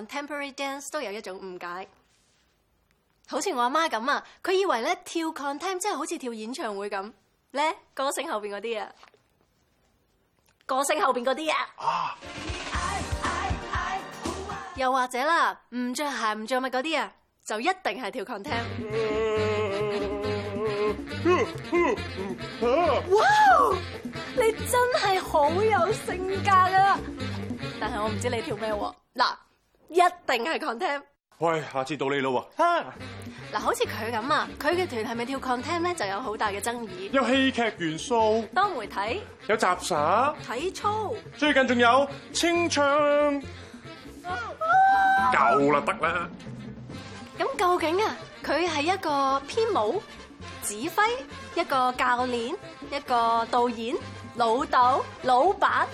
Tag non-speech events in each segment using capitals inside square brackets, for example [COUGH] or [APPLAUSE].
Contemporary dance 都有一種誤解，好似我阿媽咁啊，佢以為咧跳 contemporary 即係好似跳演唱會咁咧，歌星後邊嗰啲啊，歌星後邊嗰啲啊，又或者啦，唔着鞋唔着襪嗰啲啊，就一定係跳 contemporary。哇！你真係好有性格啊！但係我唔知你跳咩喎嗱。一定係 contem。喂，下次到你咯喎。嗱，好似佢咁啊，佢嘅團係咪跳 contem 咧，就有好大嘅爭議。有戲劇元素、多媒體、有雜耍、體操，最近仲有清唱。夠啦，得啦。咁究竟啊，佢係一個編舞、指揮、一個教練、一個導演、老豆、老闆，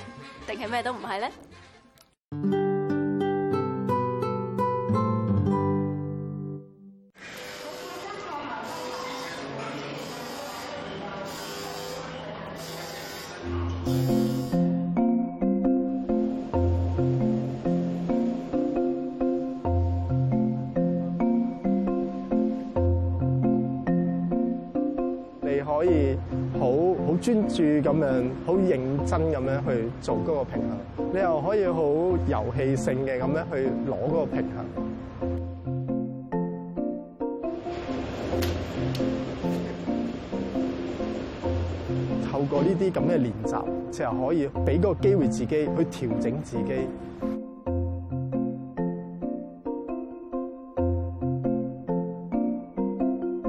定係咩都唔係咧？住咁樣，好認真咁樣去做嗰個平衡，你又可以好遊戲性嘅咁樣去攞嗰個平衡。 [NOISE] 透過呢啲咁嘅練習，就係可以俾嗰個機會自己去調整自己。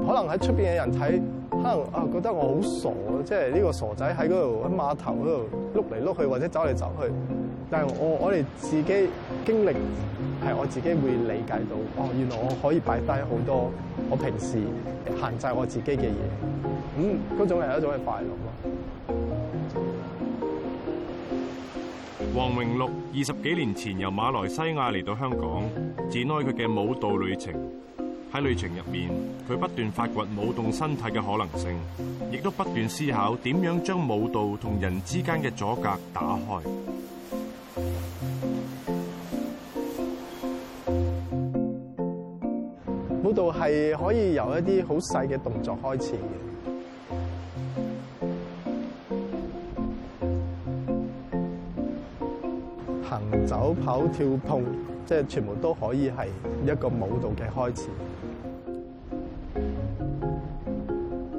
[NOISE] 可能喺出邊嘅人睇。啊、哦！覺得我好傻，即係呢個傻仔喺嗰度喺碼頭嗰度碌嚟碌去或者走嚟走去。但係我我哋自己經歷係我自己會理解到，哦，原來我可以擺低好多我平時限制我自己嘅嘢。咁、嗯、嗰種係一種嘅快樂咯。王榮祿二十幾年前由馬來西亞嚟到香港，展開佢嘅舞蹈旅程。喺旅程入面，佢不斷發掘舞動身體嘅可能性，亦都不斷思考點樣將舞蹈同人之間嘅阻隔打開。舞蹈係可以由一啲好細嘅動作開始嘅，行走、跑、跳、碰，即係全部都可以係一個舞蹈嘅開始。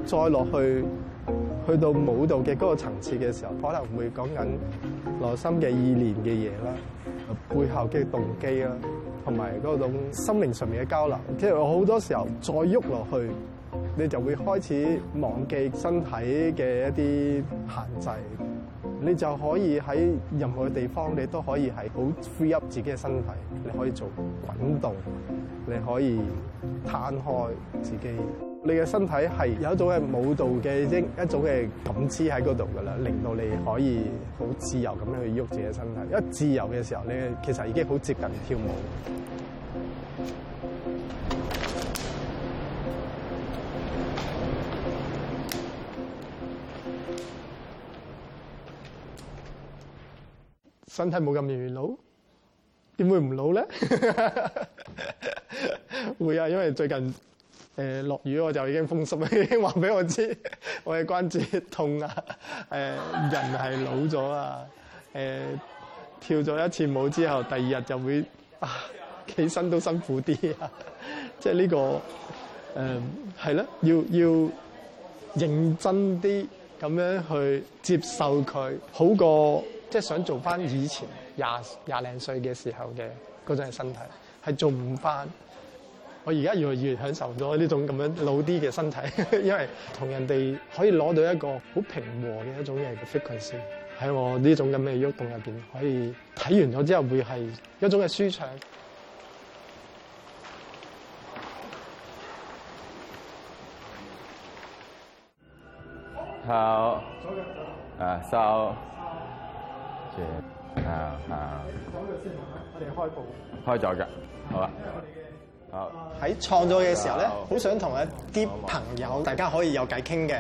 再落去，去到舞蹈嘅嗰個層次嘅時候，可能會講緊內心嘅意念嘅嘢啦，背後嘅動機啦，同埋嗰種心靈上面嘅交流。即係我好多時候再喐落去，你就會開始忘記身體嘅一啲限制，你就可以喺任何地方，你都可以係好 free up 自己嘅身體。你可以做滾動，你可以攤開自己。你嘅身體係有一種嘅舞蹈嘅一一種嘅感知喺嗰度噶啦，令到你可以好自由咁樣去喐自己身體。因為自由嘅時候，你其實已經好接近跳舞。身體冇咁容易老，點會唔老咧？ [LAUGHS] 會啊，因為最近。誒落雨我就已經風濕了，已經話俾我知，我嘅關節痛啊！誒、呃、人係老咗啊！誒、呃、跳咗一次舞之後，第二日就會啊起身都辛苦啲啊！即係呢個誒係咯，要要認真啲咁樣去接受佢，好過即係、就是、想做翻以前廿廿零歲嘅時候嘅嗰種身體，係做唔翻。我而家越來越享受咗呢種咁樣老啲嘅身體， [LAUGHS] 因為同人哋可以攞到一個好平和嘅一種嘢嘅 frequency 喺我呢種咁嘅喐動入邊，可以睇完咗之後會係一種嘅舒暢。好，啊收，啊啊。我哋開步，開咗㗎。好啊。喺創作嘅時候咧，好，好，好好想同一啲朋友大，大家可以有偈傾嘅。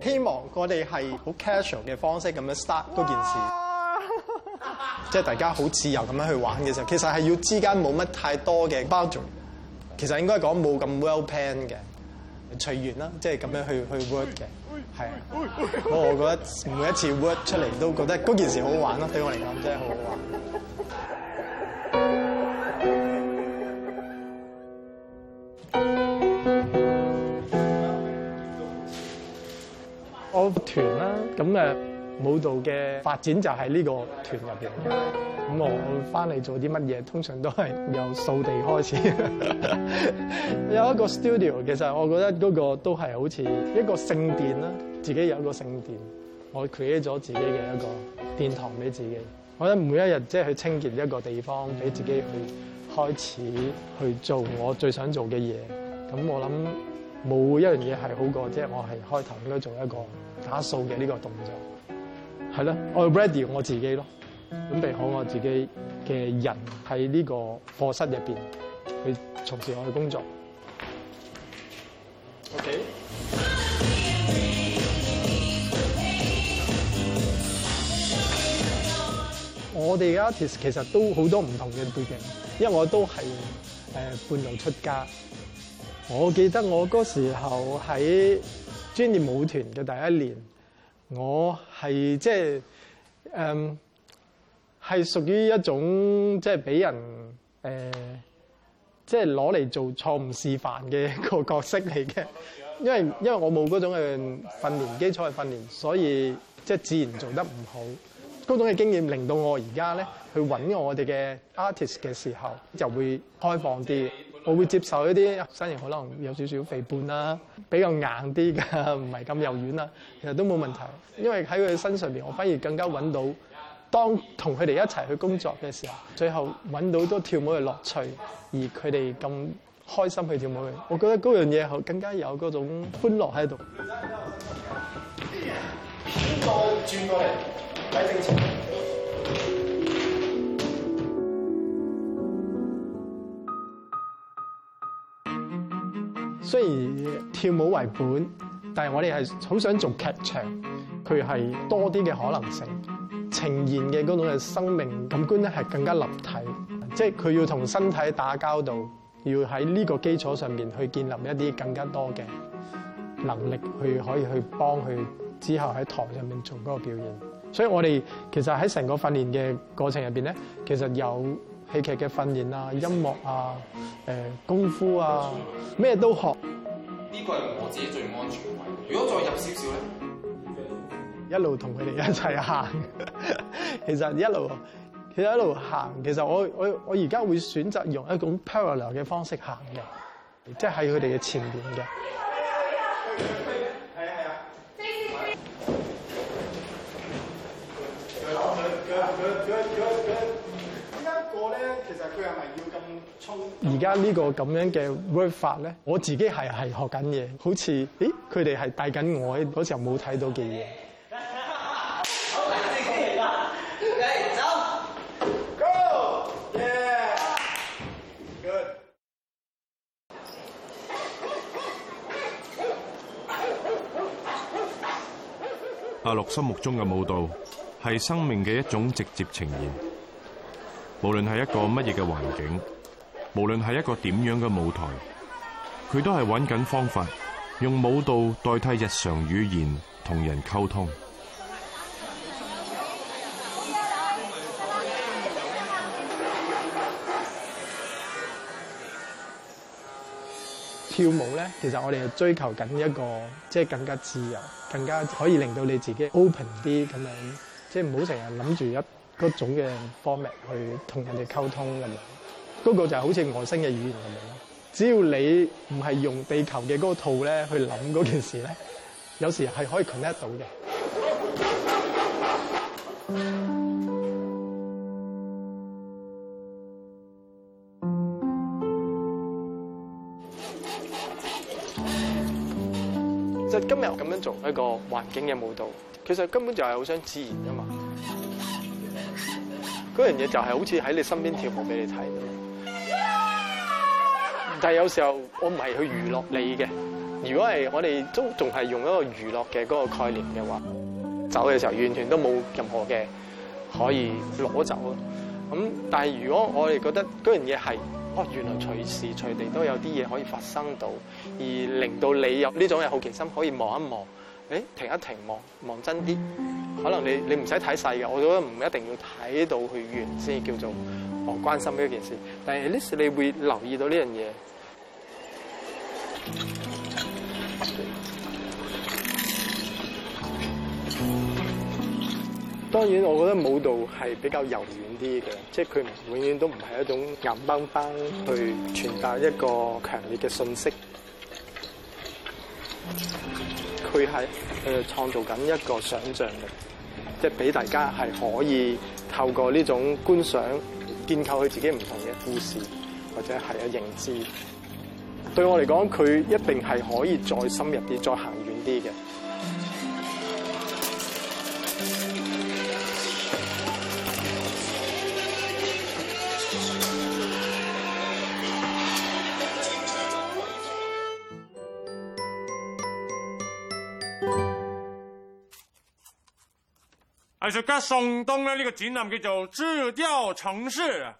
希望我哋係好 casual 嘅方式咁樣 start 嗰件事，即係、就是、大家好自由咁樣去玩嘅時候，其實係要之間冇乜太多嘅 boundary。其實應該講冇咁 well planned 嘅，隨緣啦，即係咁樣去去 work 嘅，係啊。我覺得每一次 work 出嚟都覺得嗰件事好好玩咯，對我嚟講真係好好玩。咁誒舞蹈嘅發展就係呢個團入邊嘅。咁我翻嚟做啲乜嘢，通常都係由掃地開始。 [LAUGHS] 有一個 studio，其實我覺得嗰個都係好似一個聖殿啦，自己有一個聖殿，我 create 咗自己嘅一個殿堂俾自己。我覺得每一日即係去清潔一個地方俾自己去開始去做我最想做嘅嘢。咁我諗冇一樣嘢係好過，即係我係開頭應該做一個。打掃嘅呢個動作，係咯，我 ready 我自己咯，準備好我自己嘅人喺呢個課室入邊去從事我嘅工作。OK。我哋而家 artist 其實都好多唔同嘅背景，因為我都係誒半路出家。我記得我嗰時候喺專業舞團嘅第一年，我係即係誒係屬於一種即係俾人誒、呃、即係攞嚟做錯誤示範嘅一個角色嚟嘅，因為因為我冇嗰種嘅訓練基礎去訓練，所以即係自然做得唔好。嗰種嘅經驗令到我而家咧去揾我哋嘅 artist 嘅時候，就會開放啲。我會接受一啲身形可能有少少肥胖啦，比較硬啲嘅，唔係咁柔軟啦，其實都冇問題，因為喺佢身上面，我反而更加揾到當同佢哋一齊去工作嘅時候，最後揾到多跳舞嘅樂趣，而佢哋咁開心去跳舞嘅，我覺得嗰樣嘢好更加有嗰種歡樂喺度。轉過嚟，喺正前雖然跳舞為本，但係我哋係好想做劇場，佢係多啲嘅可能性，呈現嘅嗰種嘅生命感官咧係更加立體，即係佢要同身體打交道，要喺呢個基礎上面去建立一啲更加多嘅能力，去可以去幫佢之後喺台上面做嗰個表演。所以我哋其實喺成個訓練嘅過程入邊咧，其實有。戲劇嘅訓練啊，音樂啊，誒、呃、功夫啊，咩都學。呢個係我自己最安全位。如果再入少少咧，一路同佢哋一齊行。 [LAUGHS] 其實一路，其實一路行。其實我我我而家會選擇用一種 parallel 嘅方式行嘅，即係喺佢哋嘅前面嘅。 [LAUGHS] 而家呢個咁樣嘅 work 法咧，我自己係係學緊嘢，好似，咦、欸，佢哋係帶緊我，嗰時候冇睇到嘅嘢。好， [LAUGHS] 嚟走 Go、yeah. Good 阿、啊、祿心目中嘅舞蹈係生命嘅一種直接呈現。無論係一個乜嘢嘅環境，無論係一個點樣嘅舞台，佢都係揾緊方法，用舞蹈代替日常語言，同人溝通。跳舞咧，其實我哋係追求緊一個，即係更加自由，更加可以令到你自己 open 啲咁樣，即係唔好成日諗住一。各種嘅方面去同人哋溝通咁樣，嗰個就係好似外星嘅語言咁樣。只要你唔係用地球嘅嗰個套咧去諗嗰件事咧，有時係可以 connect 到嘅。就今日咁樣做一個環境嘅舞蹈，其實根本就係好想自然㗎嘛。嗰樣嘢就係好似喺你身邊跳舞俾你睇咁，但係有時候我唔係去娛樂你嘅。如果係我哋都仲係用一個娛樂嘅嗰個概念嘅話，走嘅時候完全都冇任何嘅可以攞走咯。咁但係如果我哋覺得嗰樣嘢係，哦原來隨時隨地都有啲嘢可以發生到，而令到你有呢種嘅好奇心可以望一望。誒停一停，望望真啲，可能你你唔使睇細嘅，我覺得唔一定要睇到去完先叫做哦關心呢一件事。但係呢 t 你會留意到呢樣嘢。當然，我覺得舞蹈係比較柔軟啲嘅，即係佢永遠都唔係一種硬邦邦去傳達一個強烈嘅訊息。佢係誒創造緊一個想象力，即係俾大家係可以透過呢種觀賞建構佢自己唔同嘅故事，或者係啊認知。對我嚟講，佢一定係可以再深入啲，再行遠啲嘅。藝術家宋東咧呢、這個展覽叫做“豬雕城市”啊。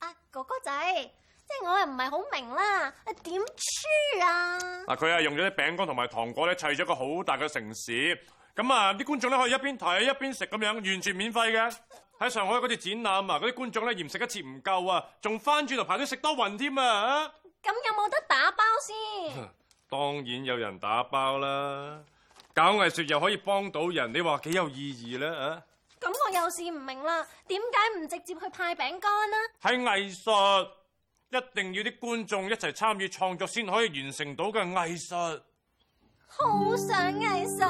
啊哥哥仔，即係我又唔係好明啦，點豬啊？佢係、啊啊、用咗啲餅乾同埋糖果咧砌咗個好大嘅城市。咁啊，啲觀眾咧可以一邊睇一邊食咁樣，完全免費嘅。喺上海嗰次展覽啊，嗰啲觀眾咧嫌食一次唔夠啊，仲翻轉頭排隊食多匀添啊！咁有冇得打包先？當然有人打包啦。搞藝術又可以幫到人，你話幾有意義咧？啊！咁我又試唔明啦，點解唔直接去派餅乾呢？係藝術一定要啲觀眾一齊參與創作，先可以完成到嘅藝術。好想藝術，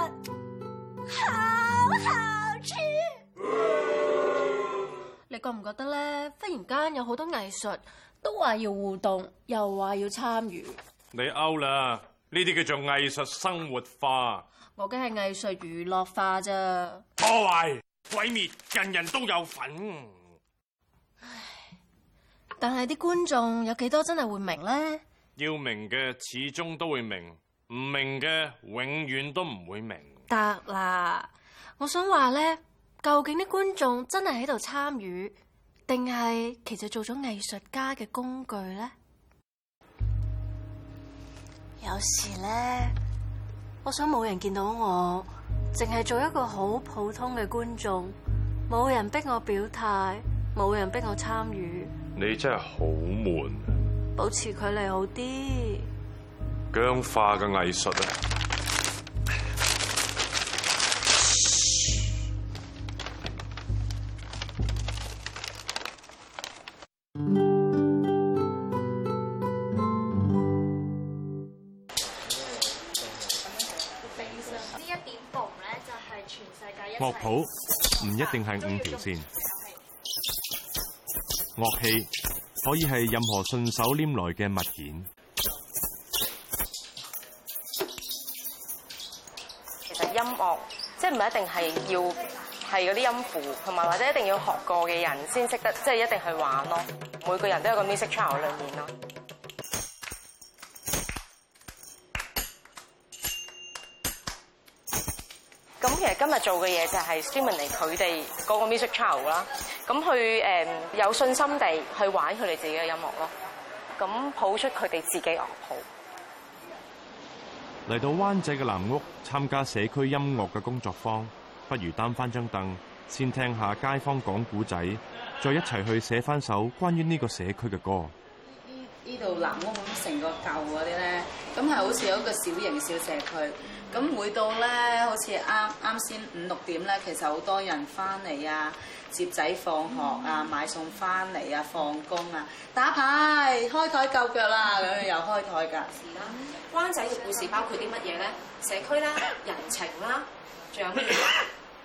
好好處。 [NOISE] 你覺唔覺得咧？忽然間有好多藝術都話要互動，又話要參與。你 out 啦！呢啲叫做藝術生活化。我嘅係藝術娛樂化咋？破壞、毀滅，人人都有份。唉，但係啲觀眾有幾多真係會明呢？要明嘅始終都會明，唔明嘅永遠都唔會明。得啦，我想話咧，究竟啲觀眾真係喺度參與，定係其實做咗藝術家嘅工具咧？有時咧。我想冇人見到我，淨係做一個好普通嘅觀眾，冇人逼我表態，冇人逼我參與。你真係好悶，保持距離好啲。僵化嘅藝術啊！樂譜唔一定係五條線，樂器可以係任何順手拈來嘅物件。其實音樂即係唔一定係要係嗰啲音符，同埋或者一定要學過嘅人先識得，即係一定去玩咯。每個人都有個 music channel 裏面咯。咁其實今日做嘅嘢就係 strengthen 嚟佢哋嗰個 musical 啦，咁去誒、有信心地去玩佢哋自己嘅音樂咯，咁抱出佢哋自己樂譜。嚟到灣仔嘅藍屋參加社區音樂嘅工作坊，不如擔翻張凳，先聽下街坊講古仔，再一齊去寫翻首關於呢個社區嘅歌。呢度南屋咁成個舊嗰啲咧，咁係好似有一個小型小社區，咁、嗯、每到咧好似啱啱先五六點咧，其實好多人翻嚟啊，接仔放學啊、嗯，買餸翻嚟啊，放工啊，打牌開台夠腳啦，兩、嗯、樣又開台㗎。係啦，灣仔嘅故事包括啲乜嘢咧？社區啦，人情啦，仲有咩？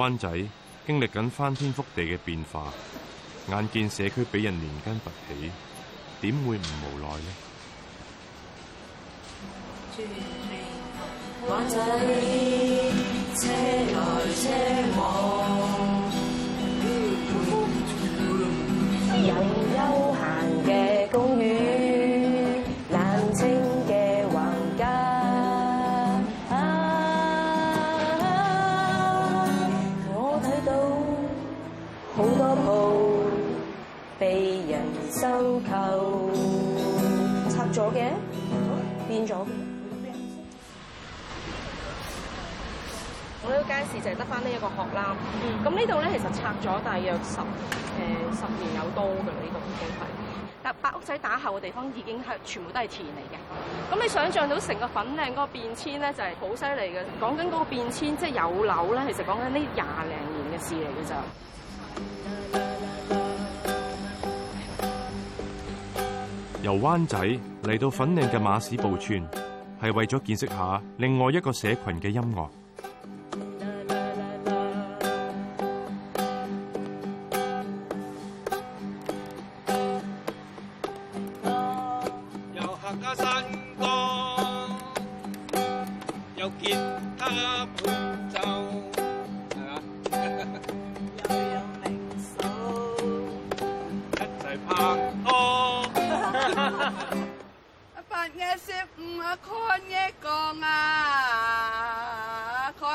灣仔經歷緊翻天覆地嘅變化，眼見社區俾人連根拔起，點會唔無奈呢？呢度咧，其實拆咗大約十誒、呃、十年有多嘅呢、這個工費。但白屋仔打後嘅地方已經係全部都係田嚟嘅。咁你想象到成個粉嶺嗰個變遷咧，就係好犀利嘅。講緊嗰個變遷，即係有樓咧，其實講緊呢廿零年嘅事嚟嘅咋。由灣仔嚟到粉嶺嘅馬屎埔村，係為咗見識下另外一個社群嘅音樂。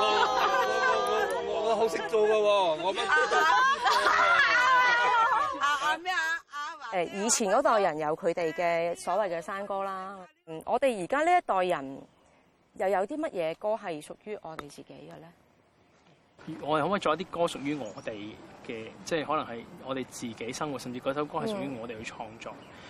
我我我我好識做噶喎！我乜？啊啊咩啊啊！誒，以前嗰代人有佢哋嘅所謂嘅山歌啦、哎。嗯，我哋而家呢一代人又有啲乜嘢歌係屬於我哋自己嘅咧？我哋可唔可以做一啲歌屬於我哋嘅？即係可能係我哋自己生活，甚至嗰首歌係屬於我哋去創作。嗯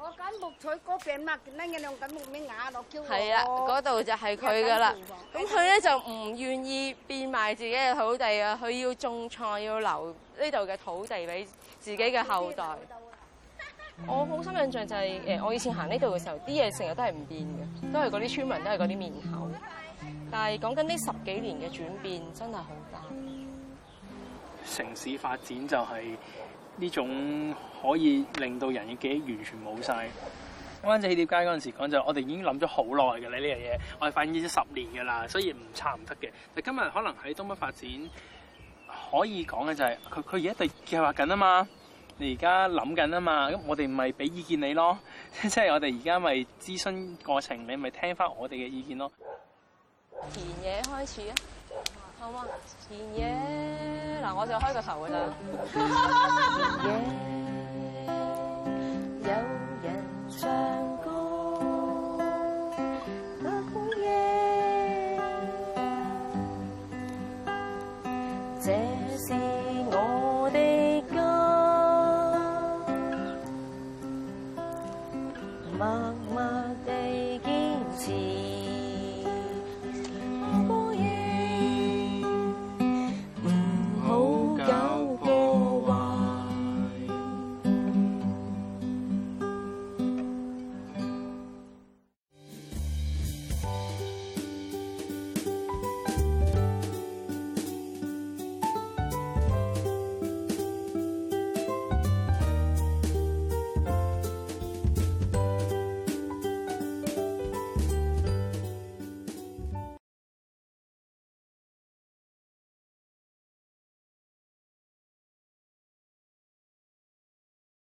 我間木材哥餅嘛，拎你兩間木面瓦落橋嗰個。係啊，嗰度就係佢噶啦。咁佢咧就唔願意變賣自己嘅土地啊，佢要種菜，要留呢度嘅土地俾自己嘅後代。我好深印象就係，誒，我以前行呢度嘅時候，啲嘢成日都係唔變嘅，都係嗰啲村民，都係嗰啲面口。但係講緊呢十幾年嘅轉變，真係好大。城市發展就係。呢種可以令到人嘅記憶完全冇晒。灣仔喜帖街嗰陣時講就，我哋已經諗咗好耐㗎啦呢樣嘢，我哋反映咗十年㗎啦，所以唔拆唔得嘅。但今日可能喺東北發展可以講嘅就係，佢佢而家喺計劃緊啊嘛，你而家諗緊啊嘛，咁我哋咪俾意見你咯，即係我哋而家咪諮詢過程，你咪聽翻我哋嘅意見咯。田野開始啊，好啊，田野。嗱，我就開個頭㗎啦。